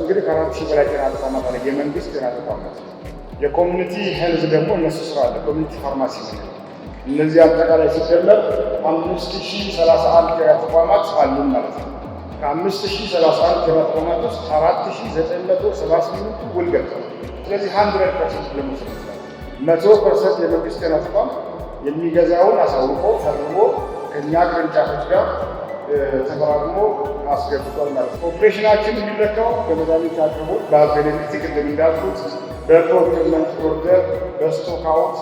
እንግዲህ ከአራት ሺህ በላይ ጤና ተቋማት አለ፣ የመንግስት ጤና ተቋማት። የኮሚኒቲ ሄልዝ ደግሞ እነሱ ስራ አለ፣ ኮሚኒቲ ፋርማሲ። እነዚህ አጠቃላይ ሲደመር አምስት ሺህ ሰላሳ አንድ ጤና ተቋማት አሉ ማለት ነው። ከአምስት ሺህ ሰላሳ አንድ ጤና ተቋማት ውስጥ አራት ሺህ ዘጠኝ መቶ ሰባ ስምንቱ ውል ገብተዋል። ስለዚህ ሀንድረድ ፐርሰንት ለመውሰድ መቶ ፐርሰንት የመንግስት ጤና ተቋም የሚገዛውን አሳውቆ ፈርሞ ከእኛ ቅርንጫፎች ጋር ተፈራርሞ አስገብቷል ማለት ነው። ኦፕሬሽናችን የሚለካው በመድኃኒት አቅርቦት በአቬሌቢሊቲ ቅድም እንዳልኩት በፕሮክርመንት ኦርደር፣ በስቶክ አውት፣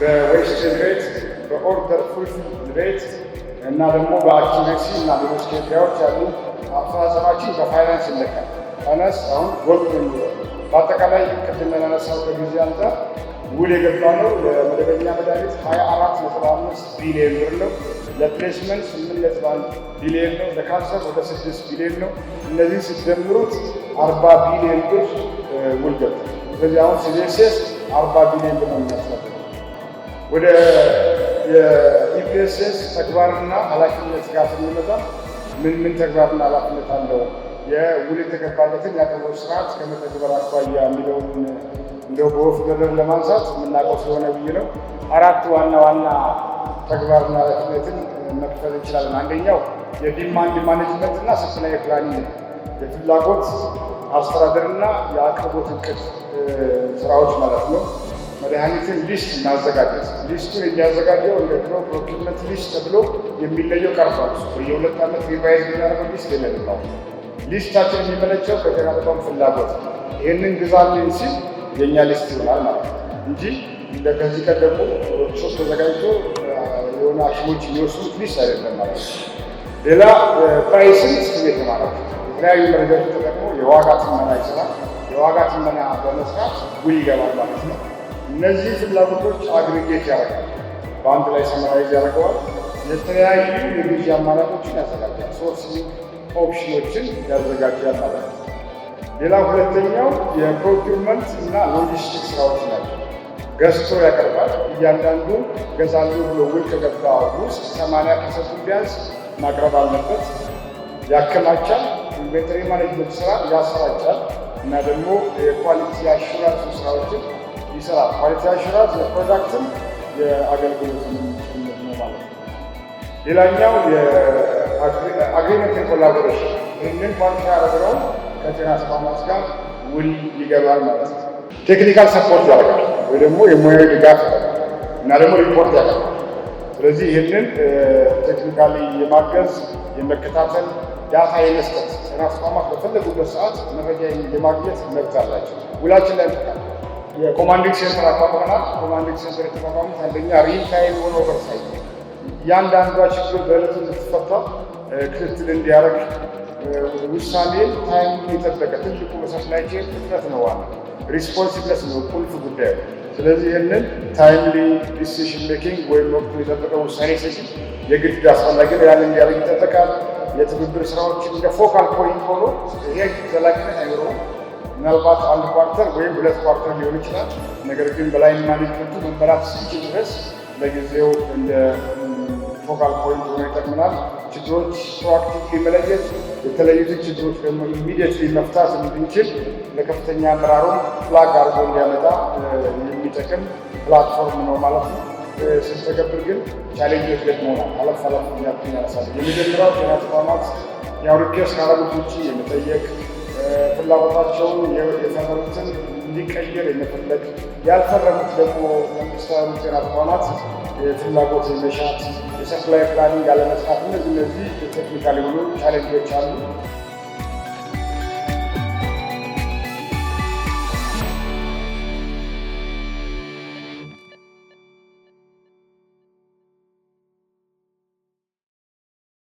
በዌስቴጅ ሬት፣ በኦርደር ፉልፊል ሬት እና ደግሞ በአኪሜሲ እና ሌሎች ኬሪያዎች ያሉ አፈጻጸማችን በፋይናንስ ይለካል። ፋይናንስ አሁን ወቅት የሚለው በአጠቃላይ ቅድም ያነሳው ከጊዜ አንጻር ውል የገባ ነው። ለመደበኛ መድኃኒት 24 ነጥብ አምስት ቢሊዮን ብር ነው። ለፕሌስመንት 8 ነጥብ 1 ቢሊዮን ነው። ለካንሰር ወደ 6 ቢሊዮን ነው። እነዚህ ስትደምሩት 40 ቢሊዮን ብር ውል ገባ። ስለዚህ አሁን ሲዴሴስ 40 ቢሊዮን ብር ነው የሚያስፈልገው ወደ የኢፒኤስኤስ ተግባርና ኃላፊነት ጋር ስንመጣ ምን ምን ተግባርና ኃላፊነት አለው? የውል የተገባለትን የአቅርቦት ስርዓት ከመተግበር አኳያ የሚለውን እንዲያው በወፍ ገደብ ለማንሳት የምናውቀው ስለሆነ ብዬ ነው። አራት ዋና ዋና ተግባርና ኃላፊነትን መክፈል እንችላለን። አንደኛው የዲማንድ ማኔጅመንት እና ሰፕላይ ፕላኒንግ የፍላጎት አስተዳደር አስተዳደርና የአቅርቦት እቅድ ስራዎች ማለት ነው። መድኃኒትን ሊስት እናዘጋጀት። ሊስቱን የሚያዘጋጀው እንደ ድሮ ፕሮኪመንት ሊስት ተብሎ የሚለየው ቀርቷል። በየሁለት ዓመት ሪቫይዝ የሚያደርገው ሊስት የለንባል። ሊስታችን የሚመለቸው ከጤና ተቋም ፍላጎት ይህንን ግዛልን ሲል የእኛ ሊስት ይሆናል ማለት ነው እንጂ ከዚህ ቀደሙ ሶስት ተዘጋጅቶ የሆነ ሐኪሞች የሚወስዱት ሊስት አይደለም ማለት ነው። ሌላ ፕራይስን እስኪ ማለት የተለያዩ መረጃዎች ተጠቅሞ የዋጋ ትመና ይሰራል። የዋጋ ትመና በመስራት ውል ይገባል ማለት ነው። እነዚህ ፍላጎቶች አግሪጌት ያደርጋል፣ በአንድ ላይ ሰመራይዝ ያደርገዋል። የተለያዩ የግዢ አማራጮችን ያዘጋጃል፣ ሶርሲንግ ኦፕሽኖችን ያዘጋጃል ማለት ነው። ሌላ ሁለተኛው የፕሮኪርመንት እና ሎጂስቲክ ስራዎች ናቸው። ገዝቶ ያቀርባል። እያንዳንዱ ገዛሉ ብሎ ውል ከገባ ውስጥ ሰማንያ ፐርሰንቱን ቢያንስ ማቅረብ አለበት። ያከማቻል፣ ኢንቬንተሪ ማኔጅመንት ስራ ያሰራጫል እና ደግሞ የኳሊቲ አሹራንስ ስራዎችን ይሰራል። ኳሊቲ አሹራንስ የፕሮዳክትን የአገልግሎትን ማለት ነው። ሌላኛው የአግሪመንት ኮላቦሬሽን ይህንን ባንክ ያደረግነው ከጤና ተቋማት ጋር ውል ይገባል ማለት ነው። ቴክኒካል ሰፖርት ያደርጋል ወይ ደግሞ የሙያዊ ድጋፍ እና ደግሞ ሪፖርት ያደርጋል። ስለዚህ ይህንን ቴክኒካሊ የማገዝ የመከታተል ዳታ የመስጠት ጤና ተቋማት በፈለጉበት ሰዓት መረጃ የማግኘት መብት አላቸው። ውላችን ላይ የኮማንዲንግ ሴንተር አቋቁመናል። ኮማንዲንግ ሴንተር የተቋቋሙት አንደኛ ሪል ታይም ሆኖ ኦቨርሳይት እያንዳንዷ ችግር በዕለቱ እንድትፈታ ክትትል እንዲያደርግ ውሳኔ ታይም የጠበቀ ትልቁ ሰፕላይ ቼን ፍጥነት ነው። ዋና ሪስፖንሲቭነስ ነው ቁልፍ ጉዳዩ። ስለዚህ ይህንን ታይምሊ ዲሲሽን ሜኪንግ ወይም ወቅቱ የጠበቀ ውሳኔ ሰጪ የግድ አስፈላጊ ነው። ያንን ያለ ይጠበቃል። የትብብር ስራዎችን እንደ ፎካል ፖይንት ሆኖ ይሄ ዘላቂነት አይኖረውም። ምናልባት አንድ ኳርተር ወይም ሁለት ኳርተር ሊሆን ይችላል። ነገር ግን በላይን ማኔጅመንቱ መመራት ሲችል ድረስ ለጊዜው እንደ ፎካል ፖይንት ሆኖ ይጠቅምናል። ችግሮች ፕሮአክቲቭ መለየት፣ የተለዩትን ችግሮች ደግሞ ኢሚዲየትሊ መፍታት እንድንችል ለከፍተኛ አመራሩ ፍላግ አድርጎ እንዲያመጣ የሚጠቅም ፕላትፎርም ነው ማለት ነው። ስትተገብር ግን ቻሌንጆች ገጥሞናል። አለፍ አለፍ ያቱን ያነሳል። የመጀመሪያው ጤና ተቋማት የአውርጌ ስካራቦች ውጭ የመጠየቅ ፍላጎታቸውን የፈረሙትን እንዲቀየር የመፈለግ ያልፈረሙት ደግሞ መንግስታዊ ጤና ተቋማት ፍላጎት የመሻት ሰፕላይ ፕላኒንግ አለመስፋት፣ እነዚህ እነዚህ የቴክኒካል የሆኑ ቻሌንጆች አሉ።